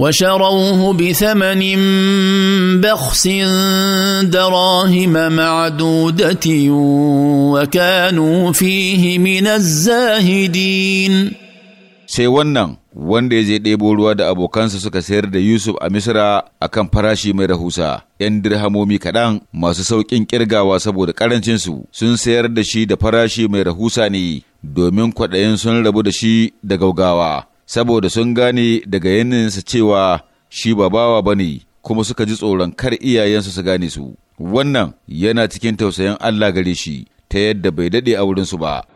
وشروه بثمن بخس دراهم معدودة وكانوا فيه من الزاهدين sai wannan wanda ya je ɗebo ruwa da abokansa suka sayar da Yusuf a Misra a kan farashi mai rahusa, ‘yan dirhamomi kaɗan masu sauƙin ƙirgawa saboda ƙarancinsu sun sayar da shi da farashi mai rahusa ne domin kwaɗayin sun rabu da shi da gaugawa. saboda sun gane daga yanayinsa cewa shi ba bawa ba ne, kuma suka ji tsoron kar iyayensu su gane su. Wannan yana cikin tausayin Allah gare shi ta yadda bai daɗe a wurinsu ba.